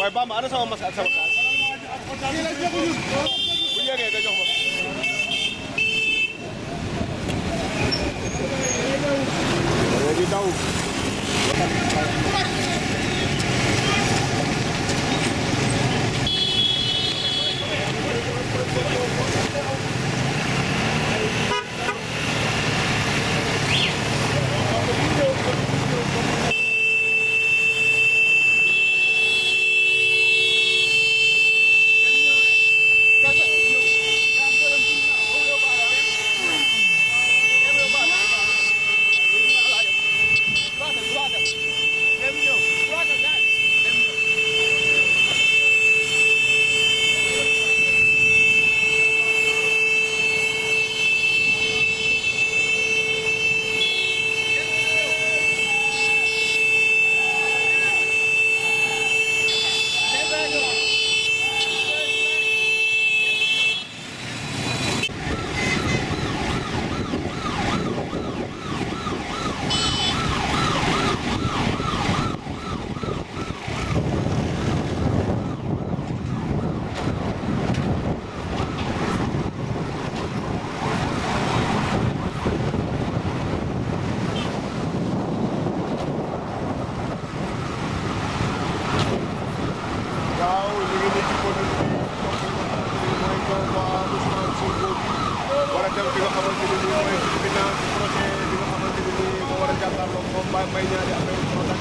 waaye Bamba ana sama masque ak sama kaas bu yéegee nga jox ma ko di daw Thank you. ñaari affaire yi moo tax.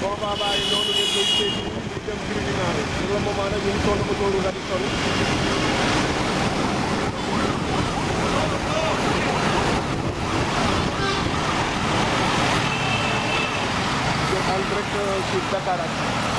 combat baa yi noonu ngeen koy seeti di dem tribunal pour le moment nag ñu ngi toll autoroute Radisson. en direct sur Dakaractu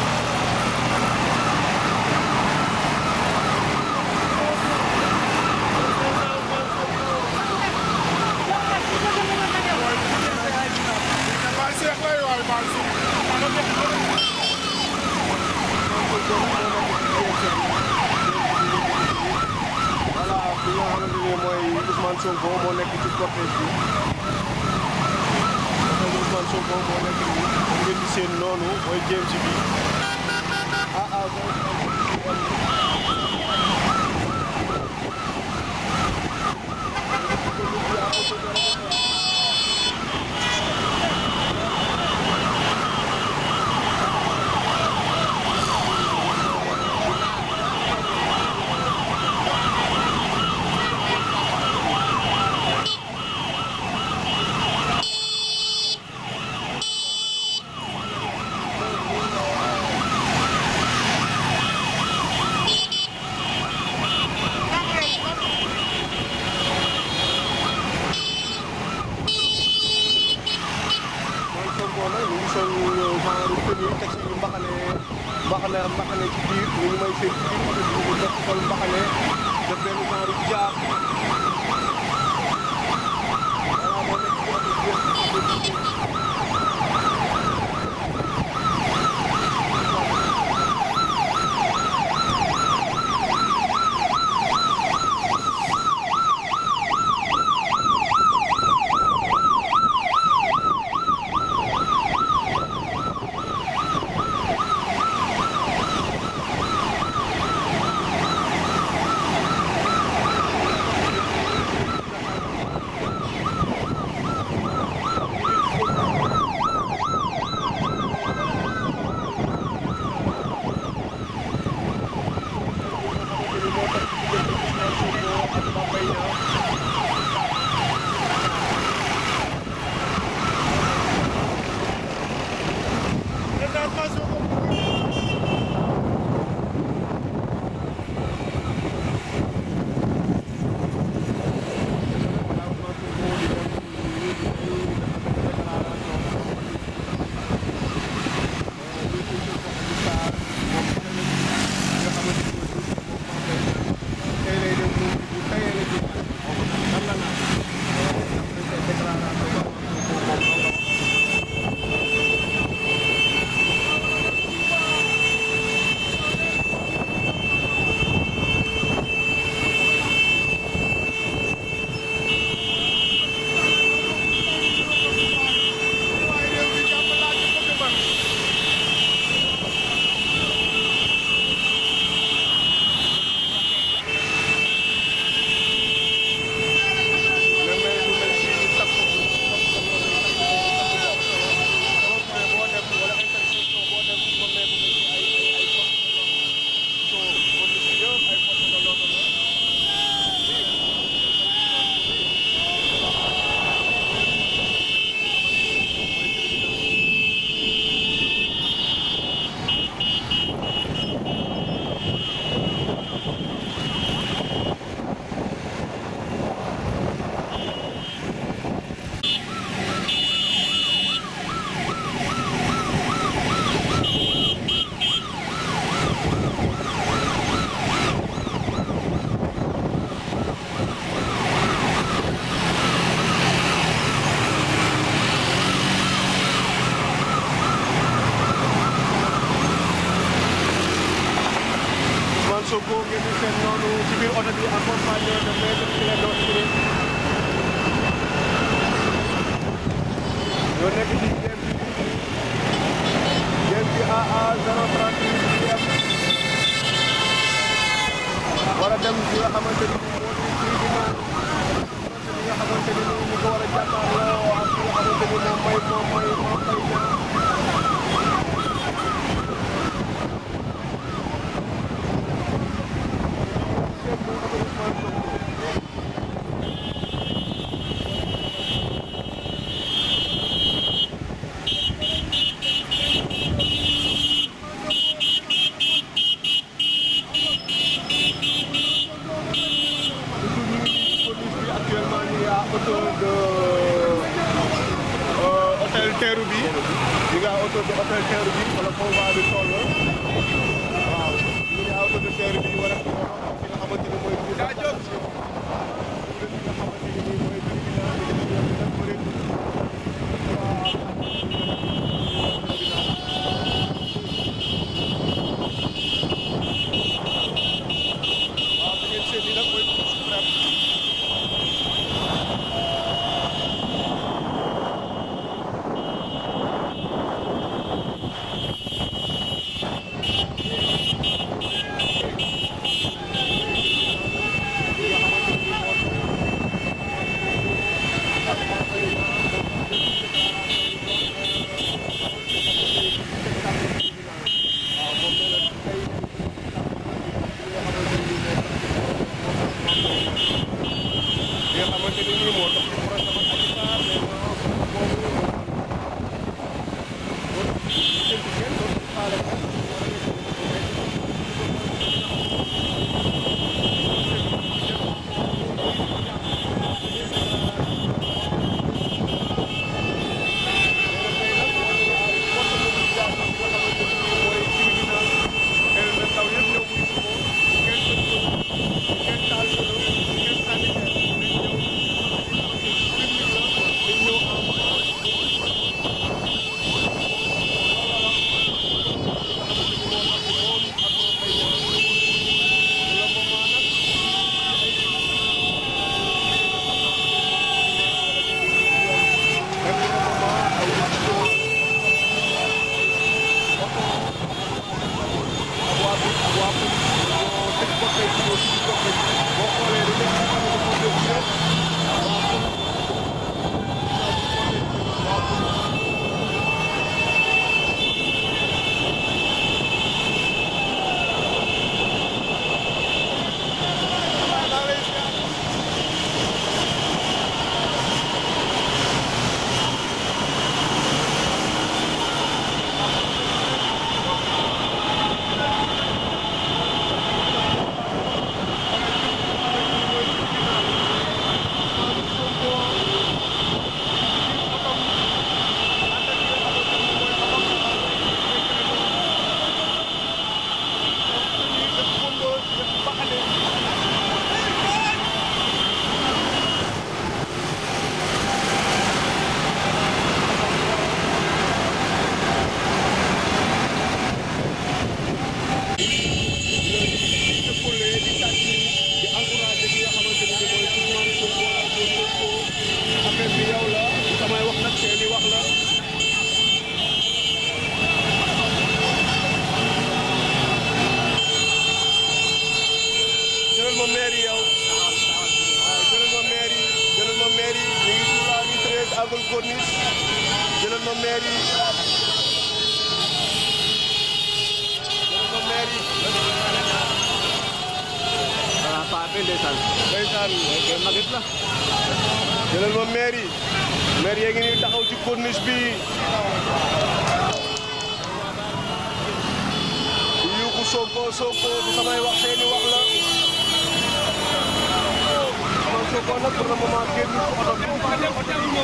mooy jéem si bi ah ah mooy dem fi nga xamante ni moom moo di kii di naan nga xamante ni moom ñu ko war a jàmmaarloo ak nga xamante ni moom mooy moom mooy moom angle corniche jëlal ma maire yi jëlal ma maire bi ndeysaan. ndeysaan kay magit la. jëlal ma samay wax seeni wax la. yow nag pour le moment génn ko oto bi ñëw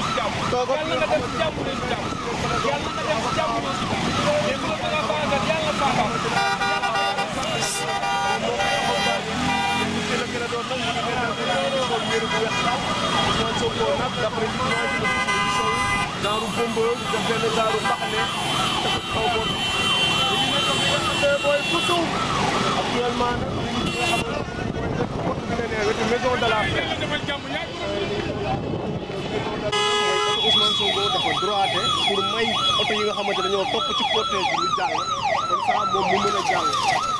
si jàmm yàlla nga def jàmm ñëw si jàmm yàlla nga def jàmm ñëw si jàmm léegi nag da nga baaxal yàlla baaxal daaru bëmbë def benn daaru mbaxane dafa xaw bon dañu nekk booy futu actuellement nag ñëwaatee pour may oto yi nga xamante dañoo topp ci cortège bi ñu jàll comme ça moom mu mën a jàll